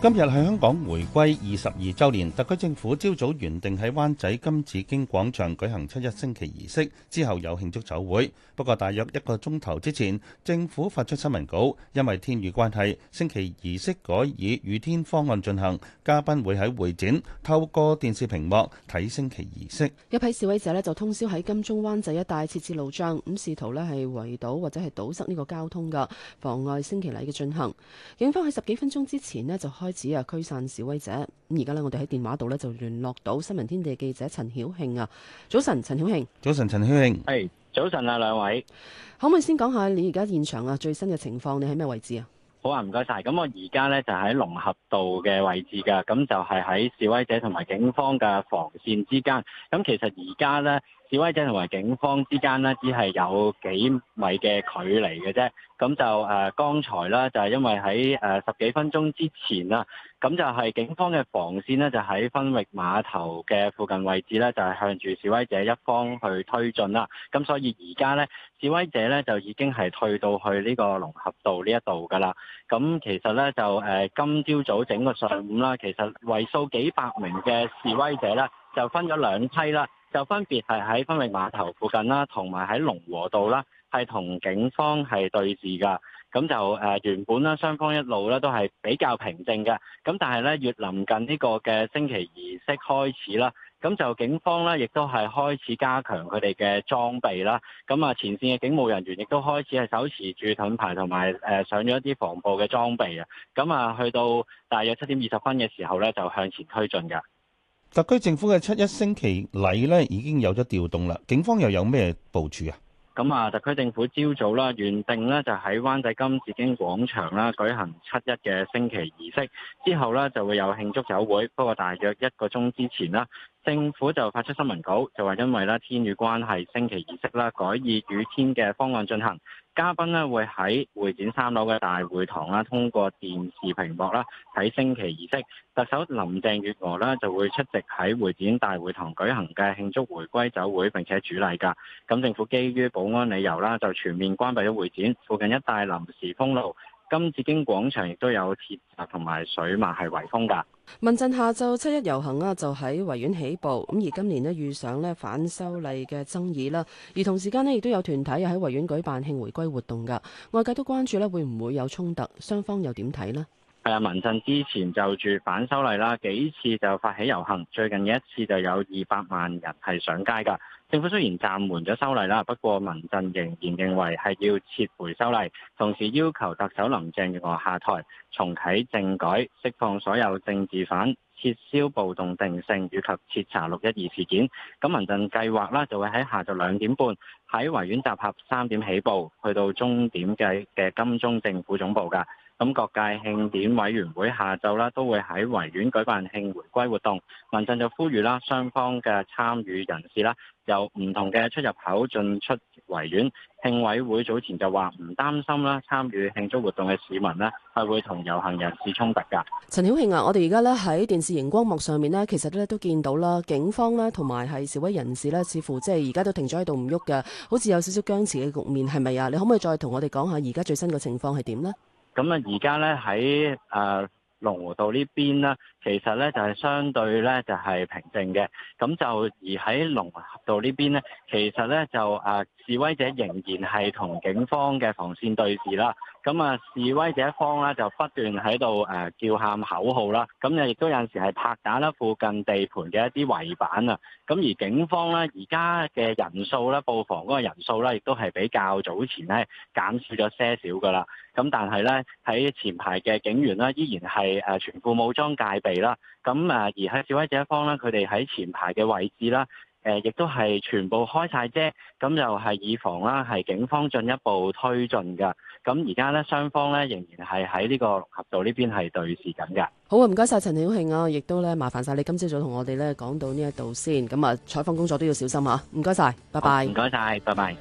今日係香港回歸二十二周年，特區政府朝早原定喺灣仔金紫荊廣場舉行七一升旗儀式，之後有慶祝酒會。不過大約一個鐘頭之前，政府發出新聞稿，因為天雨關係，升旗儀式改以雨天方案進行，嘉賓會喺會展透過電視屏幕睇升旗儀式。一批示威者咧就通宵喺金鐘、灣仔一帶設置路障，咁試圖咧係圍堵或者係堵塞呢個交通噶，妨礙升旗禮嘅進行。警方喺十幾分鐘之前咧就開。開始啊，驅散示威者。咁而家咧，我哋喺電話度咧就聯絡到新聞天地記者陳曉慶啊。早晨，陳曉慶。早晨，陳曉慶。係、hey, 早晨啊，兩位。可唔可以先講下你而家現場啊最新嘅情況？你喺咩位置啊？好啊，唔該晒。咁我而家咧就喺龍和道嘅位置噶，咁就係喺示威者同埋警方嘅防線之間。咁其實而家咧。示威者同埋警方之間呢，只係有幾米嘅距離嘅啫。咁就誒、呃、剛才啦，就係因為喺誒、呃、十幾分鐘之前啦，咁就係警方嘅防線呢，就喺分域碼頭嘅附近位置呢，就係向住示威者一方去推進啦。咁所以而家呢，示威者呢，就已經係退到去呢個龍和道呢一度噶啦。咁其實呢，就誒、呃、今朝早整個上午啦，其實為數幾百名嘅示威者呢，就分咗兩批啦。就分別係喺分域碼頭附近啦，同埋喺龍和道啦，係同警方係對峙噶。咁就誒、呃、原本啦，雙方一路咧都係比較平靜嘅。咁但係咧，越臨近呢個嘅升旗儀式開始啦，咁就警方咧亦都係開始加強佢哋嘅裝備啦。咁啊，前線嘅警務人員亦都開始係手持住盾牌同埋誒上咗一啲防暴嘅裝備啊。咁啊，去到大約七點二十分嘅時候咧，就向前推進嘅。特區政府嘅七一升旗禮咧，已經有咗調動啦。警方又有咩部署啊？咁啊，特區政府朝早啦，原定咧就喺灣仔金紫荊廣場啦舉行七一嘅升旗儀式，之後咧就會有慶祝酒會。不過大約一個鐘之前啦，政府就發出新聞稿，就話因為咧天雨關係，升旗儀式啦改以雨天嘅方案進行。嘉賓咧會喺會展三樓嘅大會堂啦，通過電視屏幕啦睇升旗儀式。特首林鄭月娥啦就會出席喺會展大會堂舉行嘅慶祝回歸酒會，並且主禮㗎。咁政府基於保安理由啦，就全面關閉咗會展附近一帶，臨時封路。金紫荊廣場亦都有鐵閘同埋水馬係圍封噶。民陣下晝七一遊行啊，就喺維園起步。咁而今年咧遇上咧反修例嘅爭議啦，而同時間咧亦都有團體喺維園舉辦慶回歸活動噶。外界都關注咧會唔會有衝突，雙方又點睇呢？係啊，民陣之前就住反修例啦，幾次就發起遊行，最近嘅一次就有二百萬人係上街噶。政府雖然暫緩咗修例啦，不過民陣仍然認為係要撤回修例，同時要求特首林鄭月娥下台、重啟政改、釋放所有政治犯、撤銷暴動定性以及徹查六一二事件。咁民陣計劃啦，就會喺下晝兩點半喺維園集合，三點起步去到終點嘅金鐘政府總部㗎。咁各界慶典委員會下晝啦都會喺維園舉辦慶回歸活動。民陣就呼籲啦，雙方嘅參與人士啦，由唔同嘅出入口進出維園。慶委會早前就話唔擔心啦，參與慶祝活動嘅市民呢係會同遊行人士衝突噶。陳曉慶啊，我哋而家咧喺電視熒光幕上面呢，其實咧都見到啦，警方啦同埋係示威人士呢，似乎即係而家都停咗喺度唔喐㗎，好似有少少僵持嘅局面，係咪啊？你可唔可以再同我哋講下而家最新嘅情況係點呢？咁啊，而家咧喺誒龍和道呢邊啦。其實咧就係、是、相對咧就係、是、平靜嘅，咁就而喺龍和道呢邊呢，其實咧就誒、啊、示威者仍然係同警方嘅防線對峙啦。咁啊示威者一方咧就不斷喺度誒叫喊口號啦，咁啊，亦都有陣時係拍打啦附近地盤嘅一啲圍板啊。咁而警方咧而家嘅人數咧布防嗰個人數咧，亦都係比較早前咧減少咗些少噶啦。咁但係咧喺前排嘅警員咧，依然係誒全副武裝戒備啦，咁誒、嗯，而喺示威者一方咧，佢哋喺前排嘅位置啦，誒、呃，亦都係全部開晒遮，咁又係以防啦，係警方進一步推進噶。咁而家咧，雙方咧仍然係喺呢個六合道呢邊係對峙緊嘅。好啊，唔該晒陳曉慶啊，亦都咧麻煩晒你今朝早同我哋咧講到呢一度先。咁啊，採訪工作都要小心啊。唔該晒，拜拜。唔該晒，拜拜。